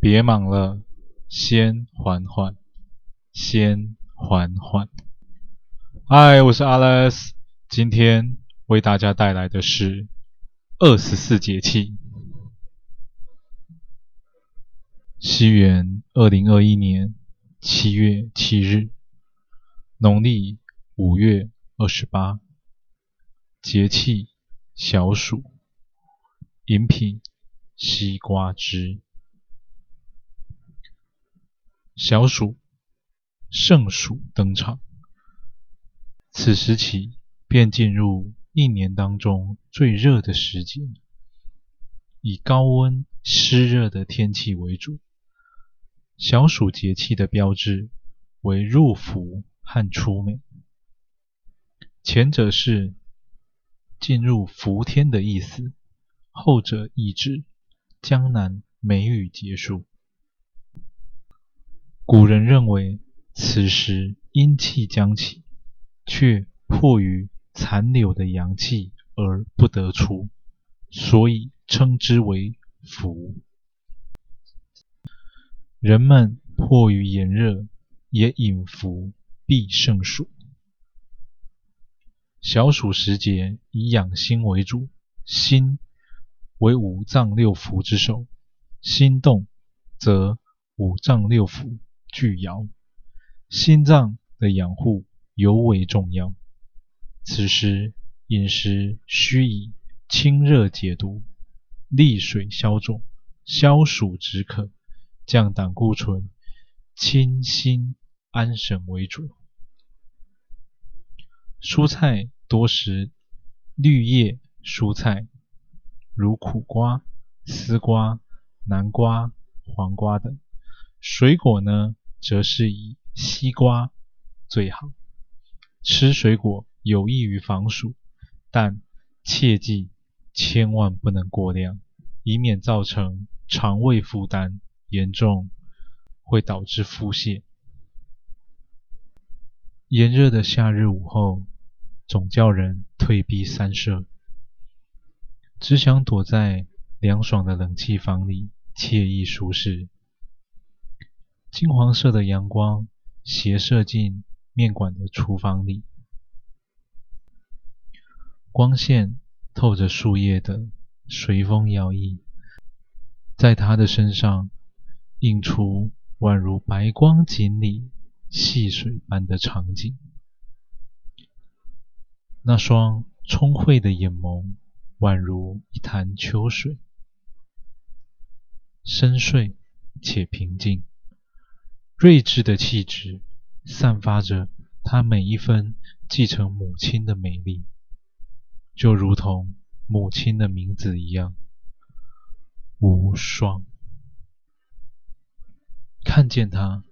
別忙了，先緩緩，先緩緩。嗨，我是 Alex，今天為大家帶來的是二十四節氣。西元二零二一年七月七日，農曆五月二十八，節氣小暑，飲品西瓜汁。小暑，盛暑登場。此時起，便進入一年當中最熱的時節，以高溫、濕熱的天氣為主。小暑節氣的標誌為入伏和出梅，前者是進入伏天的意思，後者意指江南梅雨結束。古人認為，此時陰氣將起，卻迫於殘留的陽氣而不得出，所以稱之為伏。人們迫於炎熱，也隱伏避盛暑。小暑時節以養心為主，心為五臟六腑之首，心動則五臟六腑。皆搖，心臟的養護尤為重要。此時飲食需以清熱解毒、利水消腫、消暑止渴、降膽固醇、清心安神為主。蔬菜多食綠葉蔬菜，如苦瓜、絲瓜、南瓜、黃瓜等。水果呢？則是以西瓜最好。吃水果有益於防暑，但切記千萬不能過量，以免造成腸胃負擔，嚴重會導致腹瀉。炎熱的夏日午後，總叫人退避三舍，只想躲在涼爽的冷氣房裡，愜意舒適。金黃色的陽光斜射進面館的廚房裡，光線透着樹葉的，隨風搖曳，在她的身上映出宛如白光錦鯉戲水般的場景。那雙聰慧的眼眸，宛如一潭秋水，深邃且平靜。睿智的氣質，散發着她每一分繼承母親的美麗，就如同母親的名字一樣，無雙。看見她，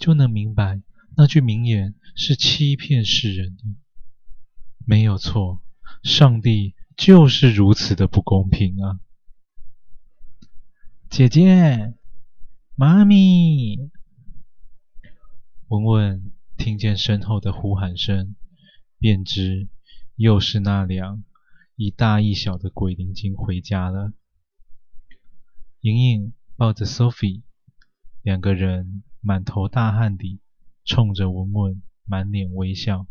就能明白那句名言是欺騙世人的，沒有錯。上帝就是如此的不公平啊！姐姐，媽咪。文文聽見身後的呼喊聲，便知又是那兩一大一小的鬼靈精回家了。瑩瑩抱着 Sophie，兩個人滿頭大汗地衝着文文滿臉微笑，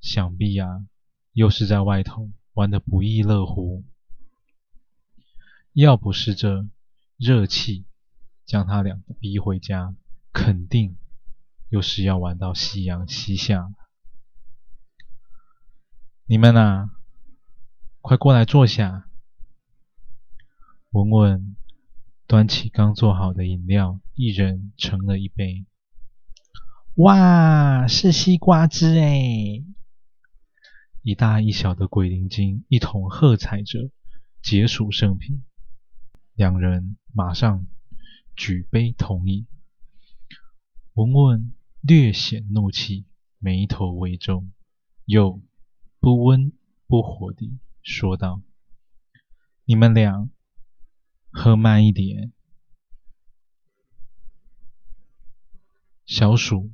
想必啊，又是在外頭玩得不亦樂乎。要不是這熱氣將她倆逼回家，肯定。又是要玩到夕陽西下了，你們啊，快過來坐下。文文端起剛做好的飲料，一人盛了一杯。哇，是西瓜汁欸！一大一小的鬼靈精一同喝彩着，解暑聖品。兩人馬上舉杯同飲。文文。略顯怒氣，眉頭微皺，又不溫不火地說道：“你們倆喝慢一點。小鼠”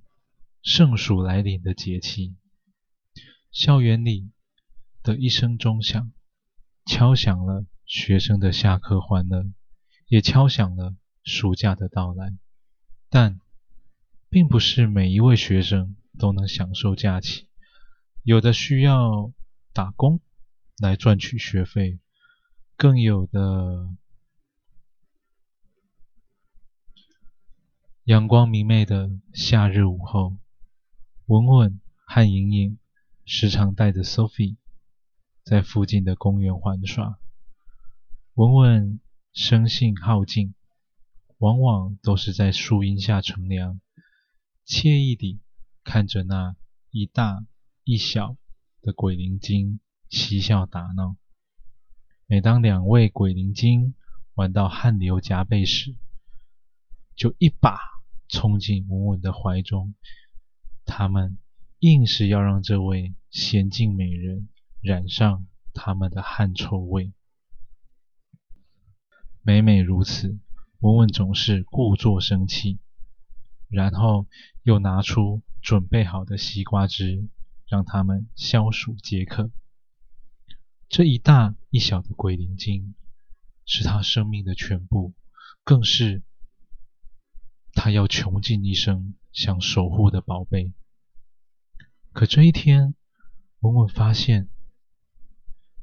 小暑，盛夏來臨的節氣。校園裡的一聲鐘響，敲響了學生的下課歡樂，也敲響了暑假的到來。但並不是每一位學生都能享受假期，有的需要打工來賺取學費，更有的。陽光明媚的夏日午後，文文和瑩瑩時常帶着 Sophie 在附近的公園玩耍。文文生性好靜，往往都是在樹蔭下乘涼。愜意地看着那一大一小的鬼靈精嬉笑打鬧。每當兩位鬼靈精玩到汗流浹背時，就一把衝進文文的懷中。她們硬是要讓這位嫻靜美人染上她們的汗臭味。每每如此，文文總是故作生氣，然後。又拿出準備好的西瓜汁，讓他們消暑解渴。這一大一小的鬼靈精是他生命的全部，更是他要窮盡一生想守護的寶貝。可這一天，文文發現，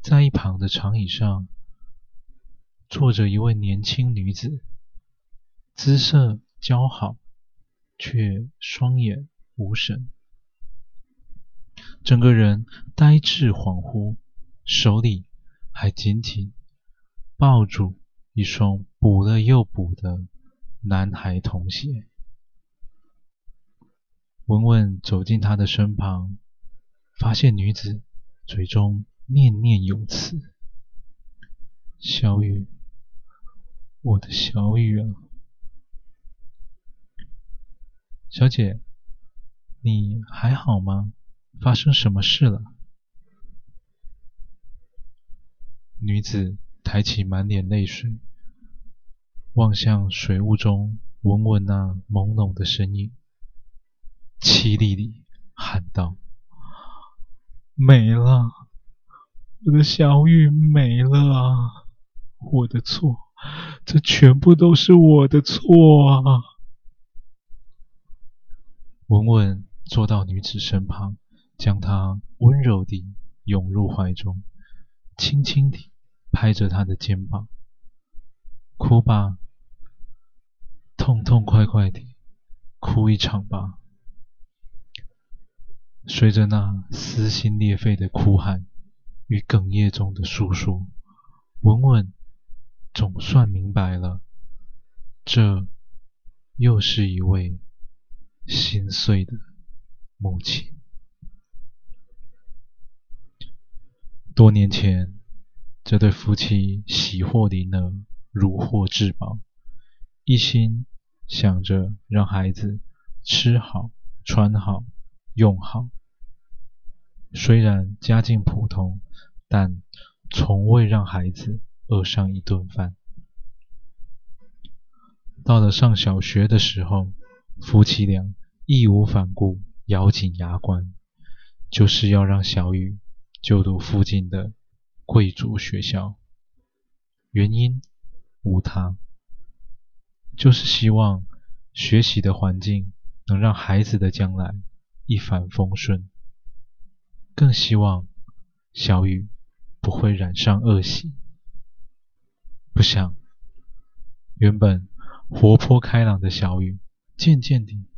在一旁的長椅上坐着一位年輕女子，姿色姣好。卻雙眼無神，整個人呆滯恍惚，手裡還緊緊抱住一雙補了又補的男孩童鞋。文文走近她的身旁，發現女子嘴中念念有詞：“小宇，我的小宇啊。”小姐，你還好嗎？發生什麼事了？女子抬起滿臉淚水，望向水霧中，文文那朦朧的身影，淒厲地喊道：“沒了，我的小宇沒了啊！我的錯，這全部都是我的錯啊！”文文坐到女子身旁，將她溫柔地擁入懷中，輕輕地拍着她的肩膀：“哭吧，痛痛快快地哭一場吧。”隨着那撕心裂肺的哭喊與哽咽中的訴說，文文總算明白了，這又是一位。心碎的母親。多年前，這對夫妻喜獲麟兒，如獲至寶，一心想着讓孩子吃好、穿好、用好。雖然家境普通，但從未讓孩子餓上一頓飯。到了上小學的時候，夫妻倆。義無反顧，咬緊牙根，就是要讓小宇就讀附近的貴族學校。原因無他，就是希望學習的環境能讓孩子的將來一帆風順，更希望小宇不會染上惡習。不想，原本活潑開朗的小宇，漸漸地。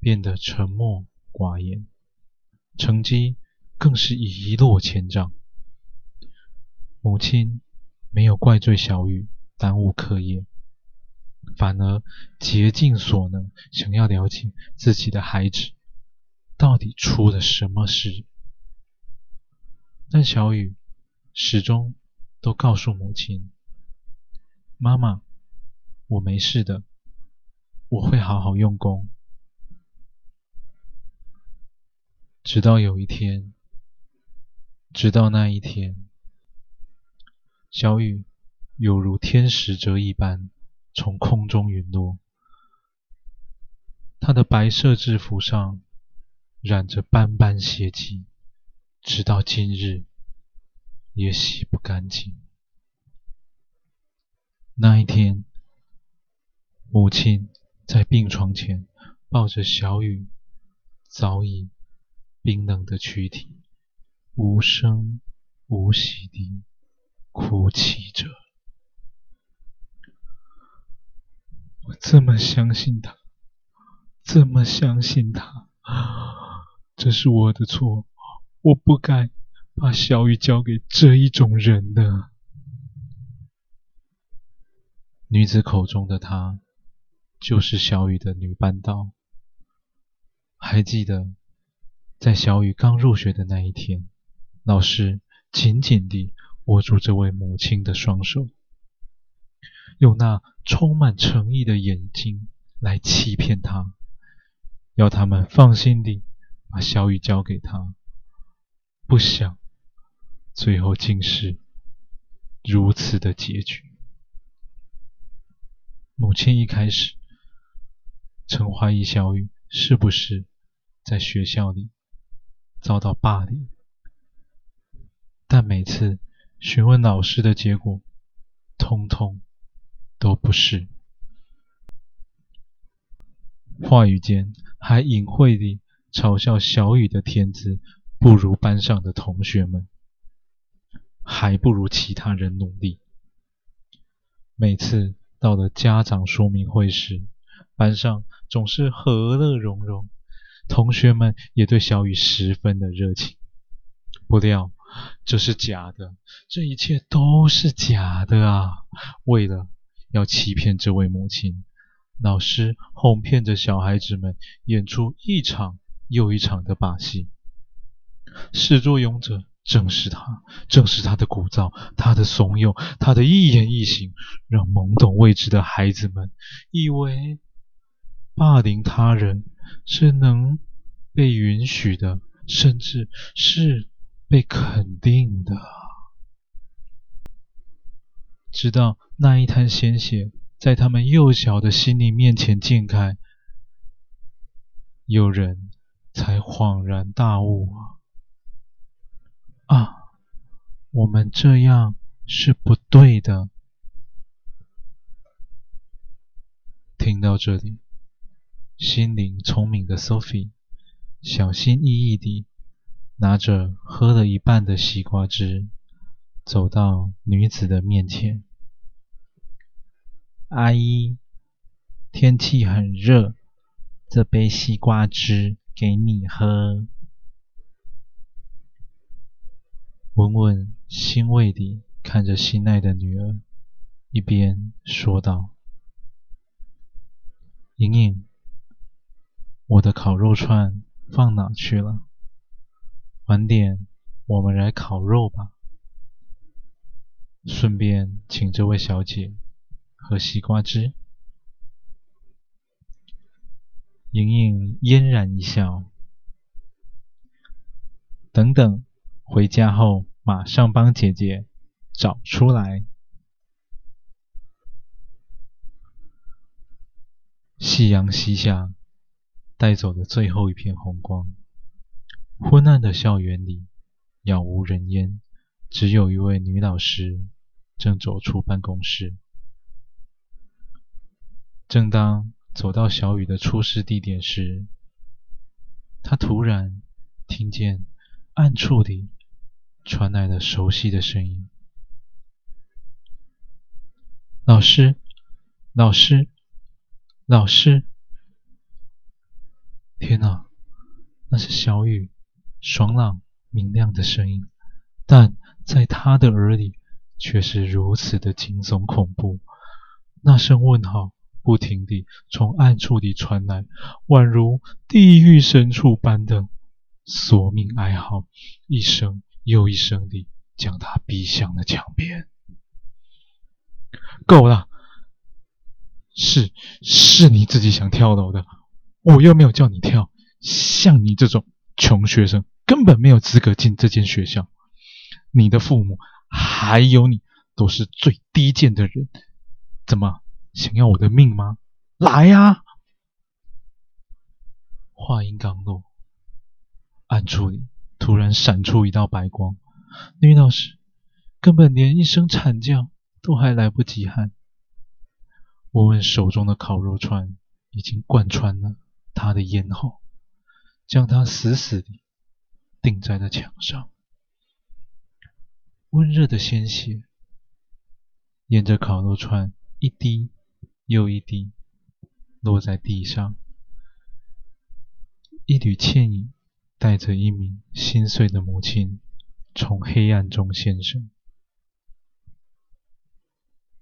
變得沉默寡言，成績更是一落千丈。母親沒有怪罪小宇耽誤課業，反而竭盡所能想要了解自己的孩子到底出了什麼事。但小宇始終都告訴母親：“媽媽，我沒事的，我會好好用功。”直到有一天，直到那一天，小宇猶如天使折翼般從空中隕落，他的白色制服上染着斑斑血跡，直到今日也洗不乾淨。那一天，母親在病床前抱着小宇，早已冰冷的軀體，無聲無息地哭泣着。我這麼相信她，這麼相信她，這是我的錯，我不該把小宇交給這一種人的。女子口中的她，就是小宇的女班導。還記得。在小宇剛入學的那一天，老師緊緊地握住這位母親的雙手，用那充滿誠意的眼睛來欺騙她，要他們放心地把小宇交給她。不想，最後竟是如此的結局。母親一開始曾懷疑小宇是不是在學校裡。遭到霸凌，但每次詢問老師的結果，通通都不是。話語間還隱諱地嘲笑小宇的天資不如班上的同學們，還不如其他人努力。每次到了家長說明會時，班上總是和樂融融。同學們也對小宇十分的熱情。不料，這是假的，這一切都是假的啊！為了要欺騙這位母親，老師哄騙着小孩子們，演出一場又一場的把戲。始作俑者正是她，正是她的鼓譟，她的慫恿，她的一言一行，讓懵懂未知的孩子們以為霸凌他人。是能被允許的，甚至是被肯定的，直到那一灘鮮血在他們幼小的心靈面前濺開，有人才恍然大悟啊！啊，我們這樣是不對的。聽到這裡。心靈聰明的 Sophie 小心翼翼地拿着喝了一半的西瓜汁，走到女子的面前。“阿姨，天氣很熱，這杯西瓜汁給你喝。”文文欣慰地看着心愛的女兒，一邊說道：“瑩瑩我的烤肉串放哪去了？晚點我們來烤肉吧，順便請這位小姐喝西瓜汁。瑩瑩嫣然一笑。等等，回家後馬上幫姐姐找出來。夕陽西下。帶走了最後一片紅光。昏暗的校園裡，杳無人煙，只有一位女老師正走出辦公室。正當走到小宇的出事地點時，她突然聽見暗處裡傳來了熟悉的聲音：“老師，老師，老師。”天哪、啊，那是小雨爽朗明亮的聲音，但在他的耳裡卻是如此的驚悚恐怖。那聲問好不停地從暗處裡傳來，宛如地獄深處般的索命哀嚎，一聲又一聲地將他逼向了牆邊。夠了，是是你自己想跳樓的。我又沒有叫你跳，像你這種窮學生根本沒有資格進這間學校。你的父母還有你都是最低賤的人，怎麼？想要我的命嗎？來呀、啊！話音剛落，暗處裡突然閃出一道白光，女老師根本連一聲慘叫都還來不及喊，文文手中的烤肉串已經貫穿了。他的咽喉，將他死死地釘在了牆上。溫熱的鮮血沿着烤肉串一滴又一滴落在地上。一縷倩影帶着一名心碎的母親從黑暗中現身。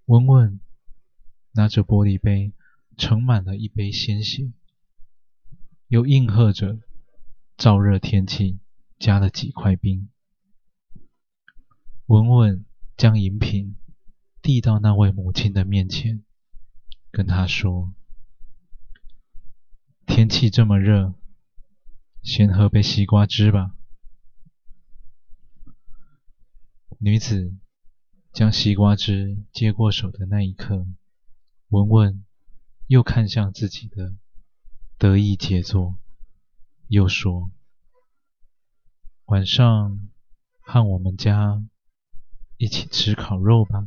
文文拿着玻璃杯，盛滿了一杯鮮血。又應和着，燥熱天氣，加了幾塊冰。文文將飲品遞到那位母親的面前，跟她說：“天氣這麼熱，先喝杯西瓜汁吧。”女子將西瓜汁接過手的那一刻，文文又看向自己的得意傑作，又說：“晚上和我們家一起吃烤肉吧。”